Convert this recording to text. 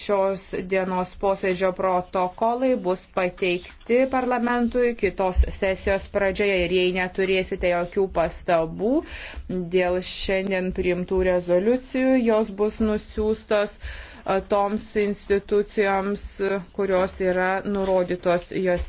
Šios dienos posėdžio protokolai bus pateikti parlamentui kitos sesijos pradžioje ir jei neturėsite jokių pastabų dėl šiandien priimtų rezoliucijų, jos bus nusiųstos e, toms institucijoms, kurios yra nurodytos jose.